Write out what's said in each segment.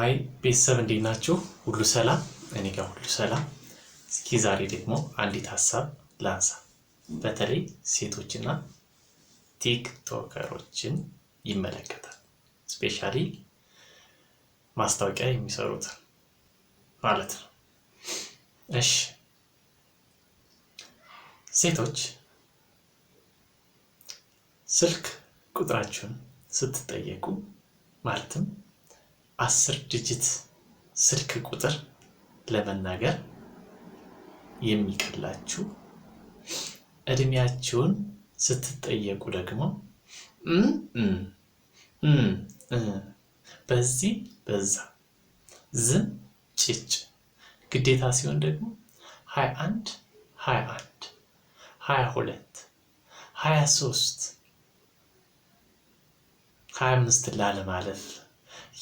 አይ ቤተሰብ እንዴት ናችሁ? ሁሉ ሰላም? እኔ ጋር ሁሉ ሰላም። እስኪ ዛሬ ደግሞ አንዲት ሀሳብ ላንሳ። በተለይ ሴቶችና ቲክቶከሮችን ይመለከታል። ስፔሻሊ ማስታወቂያ የሚሰሩት ማለት ነው። እሺ ሴቶች ስልክ ቁጥራችሁን ስትጠየቁ ማለትም አስር ድጅት ስልክ ቁጥር ለመናገር የሚቀላችሁ እድሜያችሁን ስትጠየቁ ደግሞ በዚህ በዛ ዝ ጭጭ ግዴታ ሲሆን ደግሞ ሀያ አንድ ሀያ አንድ ሀያ ሁለት ሀያ ሶስት ሀያ ላለማለፍ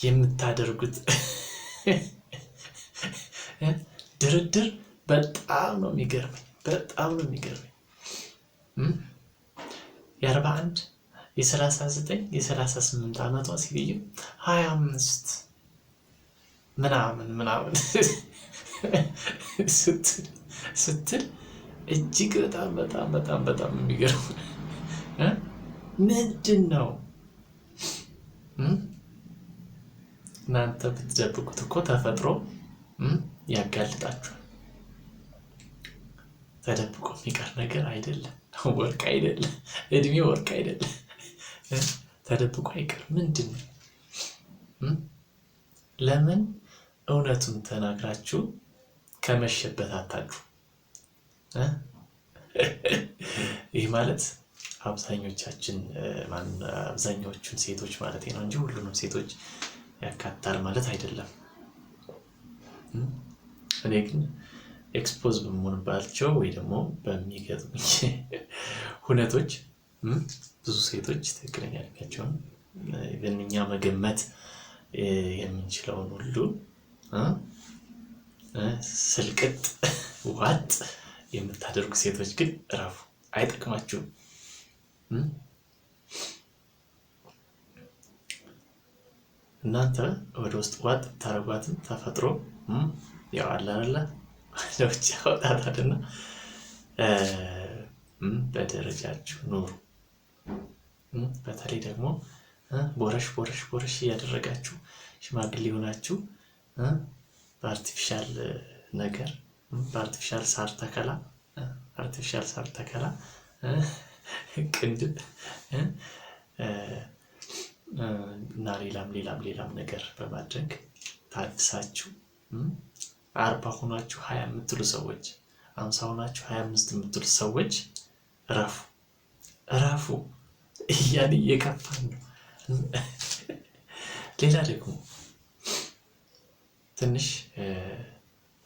የምታደርጉት ድርድር በጣም ነው የሚገርመኝ። በጣም ነው የሚገርመኝ። የአርባ አንድ የሰላሳ ዘጠኝ የሰላሳ ስምንት ዓመቷ ሲልዩ ሀያ አምስት ምናምን ምናምን ስትል እጅግ በጣም በጣም በጣም በጣም የሚገርም ምንድን ነው? እናንተ ብትደብቁት እኮ ተፈጥሮ ያጋልጣችኋል። ተደብቆ የሚቀር ነገር አይደለም። ወርቅ አይደለም፣ እድሜ ወርቅ አይደለም። ተደብቆ አይቀር ምንድን ነው? ለምን እውነቱን ተናግራችሁ ከመሸበት አታችሁ? ይህ ማለት አብዛኞቻችን አብዛኛዎቹን ሴቶች ማለት ነው እንጂ ሁሉንም ሴቶች ያካታል ማለት አይደለም። እኔ ግን ኤክስፖዝ በምሆንባቸው ወይ ደግሞ በሚገጥሙኝ ሁነቶች ብዙ ሴቶች ትክክለኛ እድሜያቸውን እኛ መገመት የምንችለውን ሁሉ ስልቅጥ ዋጥ የምታደርጉ ሴቶች ግን እረፉ፣ አይጠቅማችሁም። እናንተ ወደ ውስጥ ዋጥ ታረጓትም ተፈጥሮ ያው አለ አይደለ ያወጣታልና በደረጃችሁ ኑሩ። በተለይ ደግሞ ቦረሽ ቦረሽ ቦረሽ እያደረጋችሁ ሽማግሌ ሆናችሁ በአርቲፊሻል ነገር በአርቲፊሻል ሳር ተከላ አርቲፊሻል ሳር ተከላ ቅንድብ እና ሌላም ሌላም ሌላም ነገር በማድረግ ታግሳችሁ አርባ ሆናችሁ ሀያ የምትሉ ሰዎች አምሳ ሆናችሁ ሀያ አምስት የምትሉ ሰዎች እረፉ እረፉ እያን እየከፋን ነው። ሌላ ደግሞ ትንሽ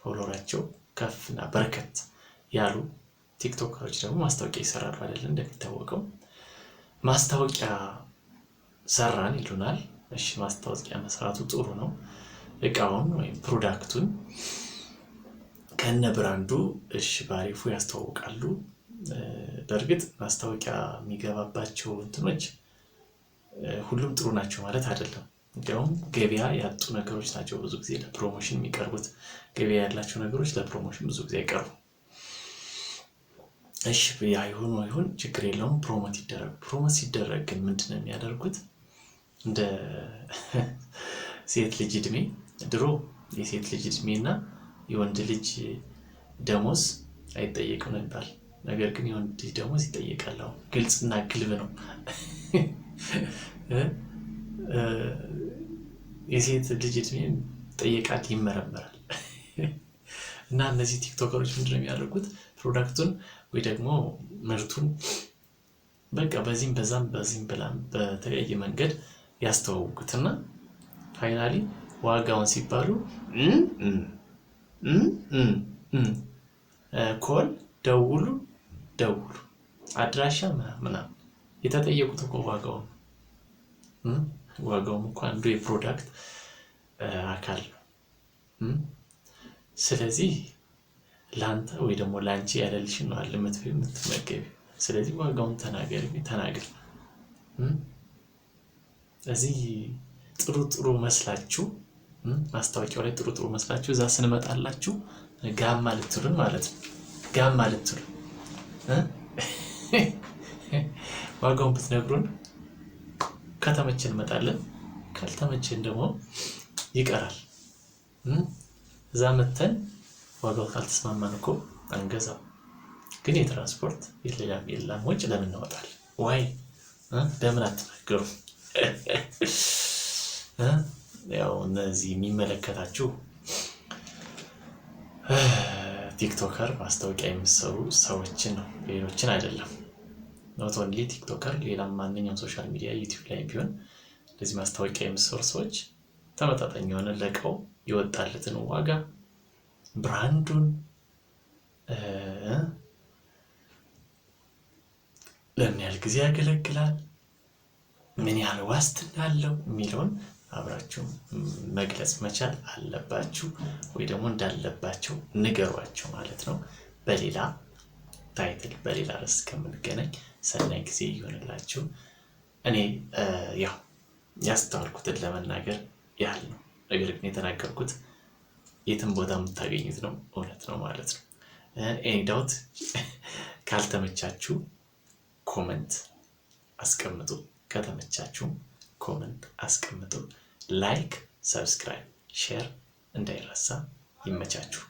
ፎሎራቸው ከፍና በረከት ያሉ ቲክቶከሮች ደግሞ ማስታወቂያ ይሰራሉ አይደለ? እንደሚታወቀው ማስታወቂያ ሰራን ይሉናል። እሺ ማስታወቂያ መስራቱ ጥሩ ነው። እቃውን ወይም ፕሮዳክቱን ከነ ብራንዱ እሺ ባሪፉ ያስተዋውቃሉ። በእርግጥ ማስታወቂያ የሚገባባቸው እንትኖች ሁሉም ጥሩ ናቸው ማለት አይደለም። እንዲያውም ገበያ ያጡ ነገሮች ናቸው ብዙ ጊዜ ለፕሮሞሽን የሚቀርቡት። ገበያ ያላቸው ነገሮች ለፕሮሞሽን ብዙ ጊዜ አይቀርቡ እሺ ያ ይሁን ይሁን ችግር የለውም። ፕሮሞት ይደረጉ። ፕሮሞት ሲደረግ ግን ምንድን ነው የሚያደርጉት? እንደ ሴት ልጅ እድሜ ድሮ የሴት ልጅ እና የወንድ ልጅ ደሞዝ አይጠየቅም ነበር። ነገር ግን የወንድ ልጅ ደሞዝ ይጠየቃል። ግልጽና ግልብ ነው። የሴት ልጅ እድሜ ጠየቃት ይመረመራል። እና እነዚህ ቲክቶከሮች ምንድነው የሚያደርጉት? ፕሮዳክቱን ወይ ደግሞ ምርቱን በቃ በዚህም በዛም በዚህም ብላም በተለያየ መንገድ ያስተዋውቁትና ፋይናሊ ዋጋውን ሲባሉ ኮል ደውሉ ደውሉ አድራሻ ምናምን የተጠየቁት እኮ ዋጋው ዋጋውም እኮ አንዱ የፕሮዳክት አካል ነው። ስለዚህ ለአንተ ወይ ደግሞ ለአንቺ ያለልሽ ነው አለ የምትመገቢ። ስለዚህ ዋጋውን ተናገር ተናገር። እዚህ ጥሩ ጥሩ መስላችሁ ማስታወቂያው ላይ ጥሩ ጥሩ መስላችሁ እዛ ስንመጣላችሁ ጋማ ልትሉን ማለት ነው። ጋማ ልትሉ ዋጋውን ብትነግሩን ከተመቸ እንመጣለን፣ ካልተመቸን ደግሞ ይቀራል። እዛ መተን ዋጋው ካልተስማማን እኮ አንገዛው። ግን የትራንስፖርት የሌላም ወጭ ለምን እናወጣለን? ዋይ ለምን አትናገሩም? ያው እነዚህ የሚመለከታችሁ ቲክቶከር ማስታወቂያ የሚሰሩ ሰዎችን ነው፣ ሌሎችን አይደለም። ኖት ኦንሊ ቲክቶከር፣ ሌላም ማንኛውም ሶሻል ሚዲያ ዩቲዩብ ላይ ቢሆን እንደዚህ ማስታወቂያ የሚሰሩ ሰዎች ተመጣጣኝ የሆነ ለቀው የወጣለትን ዋጋ ብራንዱን ለምን ያህል ጊዜ ያገለግላል ምን ያህል ዋስትና አለው የሚለውን አብራችሁ መግለጽ መቻል አለባችሁ፣ ወይ ደግሞ እንዳለባቸው ንገሯቸው ማለት ነው። በሌላ ታይትል በሌላ ርዕስ ከምንገናኝ ሰናይ ጊዜ እየሆንላችሁ እኔ ያው ያስተዋልኩትን ለመናገር ያህል ነው። ነገር ግን የተናገርኩት የትም ቦታ የምታገኙት ነው፣ እውነት ነው ማለት ነው። ኤኒ ዳውት ካልተመቻችሁ ኮመንት አስቀምጡ። ከተመቻችሁ ኮመንት አስቀምጡ። ላይክ፣ ሰብስክራይብ፣ ሼር እንዳይረሳ። ይመቻችሁ።